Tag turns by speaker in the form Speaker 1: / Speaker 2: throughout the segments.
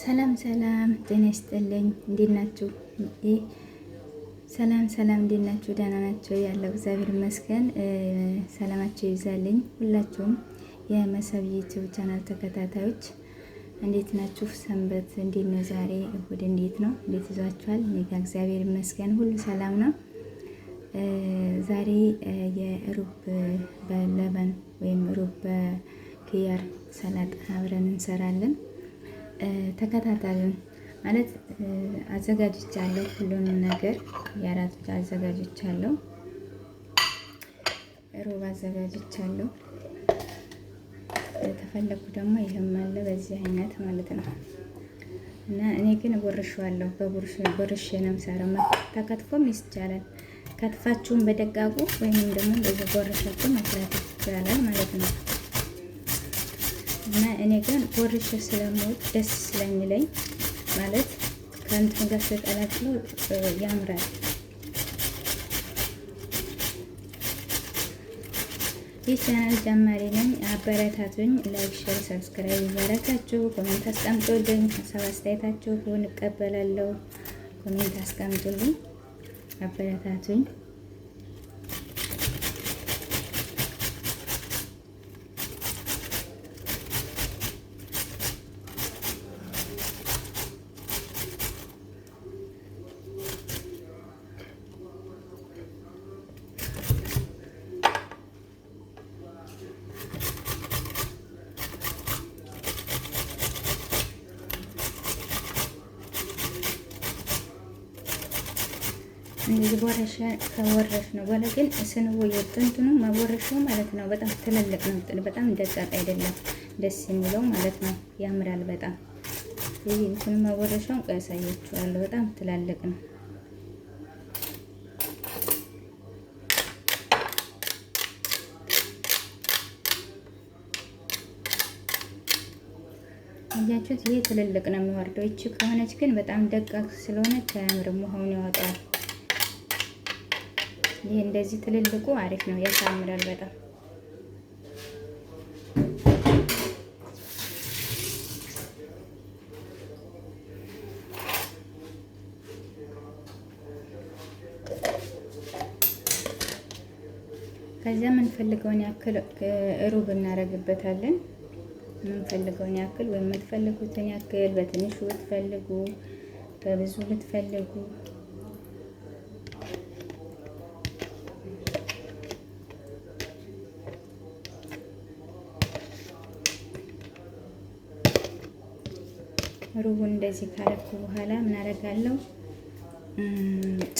Speaker 1: ሰላም ሰላም፣ ጤና ይስጥልኝ። እንዴት ናችሁ? ሰላም ሰላም፣ እንዴት ናችሁ? ደህና ናቸው ያለው እግዚአብሔር ይመስገን። ሰላማችሁ ይዛልኝ። ሁላችሁም የመሰብ ዩቲዩብ ቻናል ተከታታዮች እንዴት ናችሁ? ሰንበት እንዴት ነው? ዛሬ እሁድ እንዴት ነው? እንዴት ይዟችኋል? እኔ እግዚአብሔር ይመስገን ሁሉ ሰላም ነው። ዛሬ የሩብ በለበን ወይም ሩብ በክያር ሰላጣ አብረን እንሰራለን። ተከታተልን ማለት አዘጋጅቻለሁ። ሁሉንም ነገር የአራት አዘጋጅቻለሁ፣ ሩብ አዘጋጅቻለሁ። ተፈለኩ ደግሞ ይህም አለ በዚህ አይነት ማለት ነው። እና እኔ ግን ጎርሼዋለሁ። በጉርሽ ጎርሼ ነው የምሰራው። ተከትፎም ይስቻላል። ከትፋችሁን በደቃቁ ወይም ደግሞ በዚህ ጎርሻችሁ መስራት ይቻላል ማለት ነው። እና እኔ ግን ወርሽ ስለምወድ ደስ ስለሚለኝ ማለት ከእንትን ጋር ስቀላቅለው ያምራል። ይህ ቻናል ጀማሪ ነኝ፣ አበረታቱኝ። ላይክ፣ ሼር፣ ሰብስክራይብ ይበረታችሁ። ኮሜንት አስቀምጡልኝ፣ ሀሳብ አስተያየታችሁን እቀበላለሁ። ኮሜንት አስቀምጡልኝ፣ አበረታቱኝ። ከወረሽ ነው በኋላ ግን ስንወየ ጥንትኑ ማወረሻው ማለት ነው። በጣም ትልልቅ ነው። በጣም ደቃቅ አይደለም። ደስ የሚለው ማለት ነው። ያምራል በጣም ይህ እንትኑ ማወረሻውን ያሳያችኋለሁ። በጣም ትላልቅ ነው። እያችሁት ይሄ ትልልቅ ነው የሚወርደው። ይቺ ከሆነች ግን በጣም ደቃቅ ስለሆነች አያምርም። ውሃውን ያወጣዋል። ይሄ እንደዚህ ትልልቁ አሪፍ ነው፣ ያሳምራል በጣም ከዚያ የምንፈልገውን ያክል ሩብ እናደርግበታለን። የምንፈልገውን ያክል ወይም የምትፈልጉትን ያክል በትንሹ ብትፈልጉ በብዙ ብትፈልጉ ሩቡ እንደዚህ ካረኩ በኋላ ምን አረጋለሁ?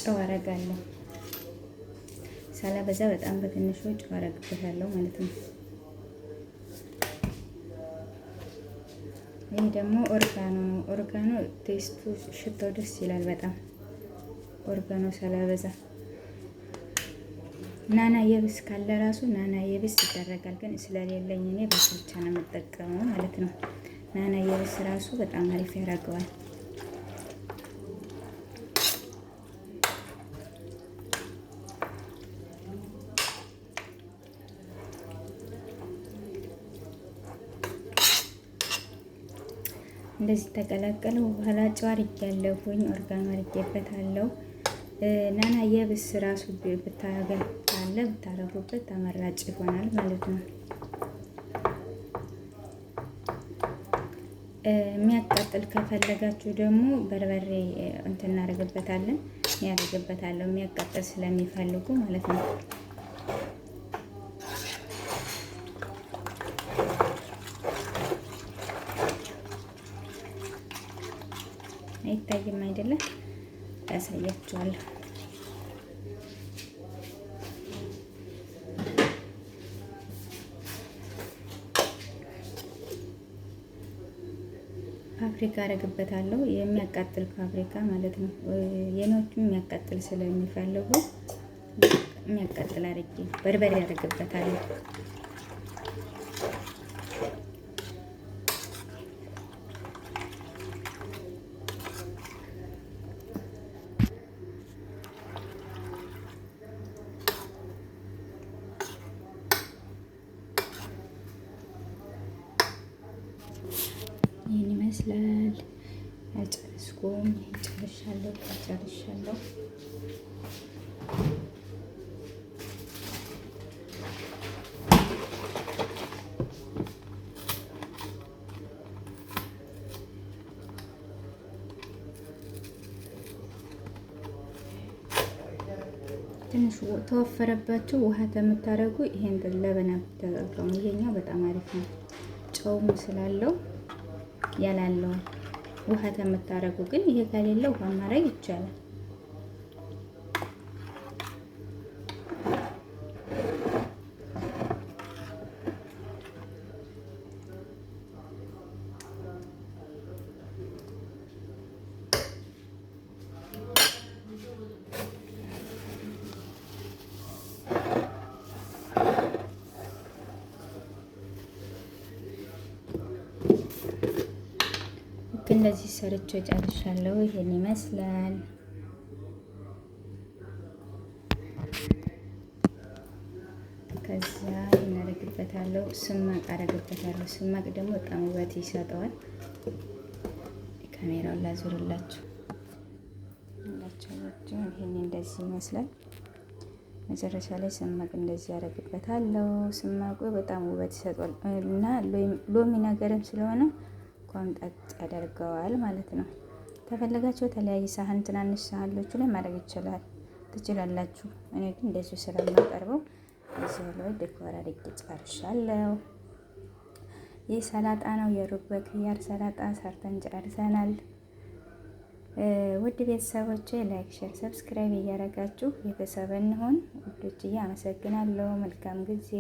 Speaker 1: ጨው አረጋለሁ። ሳላበዛ በጣም በትንሹ ጨው አረግበታለሁ ማለት ነው። ይህ ደግሞ ኦርጋኖ ነው። ኦርጋኖ ቴስቱ ሽታው ደስ ይላል በጣም ኦርጋኖ በዛ ናና የብስ ካለ ራሱ ናና የብስ ይደረጋል። ግን ስለሌለኝ እኔ በስልቻ ነው የምጠቀመው ማለት ነው። ናና የብስ ራሱ በጣም አሪፍ ያደርገዋል። እንደዚህ ተቀላቀለው በኋላ ጨው አድርጌያለሁኝ፣ ኦርጋኖ አድርጌበታለሁ። ናና የብስ ራሱ ብታገታለ ብታረጉበት ተመራጭ ይሆናል ማለት ነው። የሚያቃጥል ከፈለጋችሁ ደግሞ በርበሬ እንትን እናደርግበታለን ያደርግበታለሁ የሚያቃጥል ስለሚፈልጉ ማለት ነው። አይታይም አይደለም? ያሳያችኋለሁ ፋብሪካ አረግበታለሁ የሚያቃጥል ፋብሪካ ማለት ነው። የኖቹ የሚያቃጥል ስለሚፈልጉ የሚያቃጥል አድርጌ በርበሬ አረግበታለሁ። ይመስላል። ጨርስኩም ጨርሻለሁ ጨርሻለሁ። ትንሽ ተወፈረባችሁ ውሃ ከምታደርጉ ይሄን ለበና ብታጠቀሙ ይሄኛው በጣም አሪፍ ነው፣ ጨውም ስላለው ያላለውን ውሃ ከምታደርጉ ግን ይሄ ከሌለ ውሃ ማድረግ ይቻላል። እንደዚህ ሰርቼ ጨርሻለሁ። ይሄን ይመስላል። ከዛ እናደርግበታለሁ፣ ስማቅ አደርግበታለሁ። ስማቅ ደግሞ በጣም ውበት ይሰጠዋል። ካሜራውን ላዞርላችሁ ላቸውላችሁ። ይሄን እንደዚህ ይመስላል። መጨረሻ ላይ ስማቅ እንደዚህ ያደርግበታለሁ። ስማቁ በጣም ውበት ይሰጧል እና ሎሚ ነገርም ስለሆነ ቆምጠጥ ያደርገዋል ማለት ነው። ከፈለጋችሁ የተለያየ ሳህን ትናንሽ ሳህሎቹ ላይ ማድረግ ይችላል ትችላላችሁ። እኔ ግን እንደዚሁ ስለማቀርበው እዚህ ላይ ዲኮር አድርጌ ጨርሻለሁ። ይህ ሰላጣ ነው፣ የሩብ በክያር ሰላጣ ሰርተን ጨርሰናል። ውድ ቤተሰቦቼ ላይክ፣ ሼር፣ ሰብስክራይብ እያደረጋችሁ ቤተሰብ እንሆን። ውዶችዬ አመሰግናለሁ። መልካም ጊዜ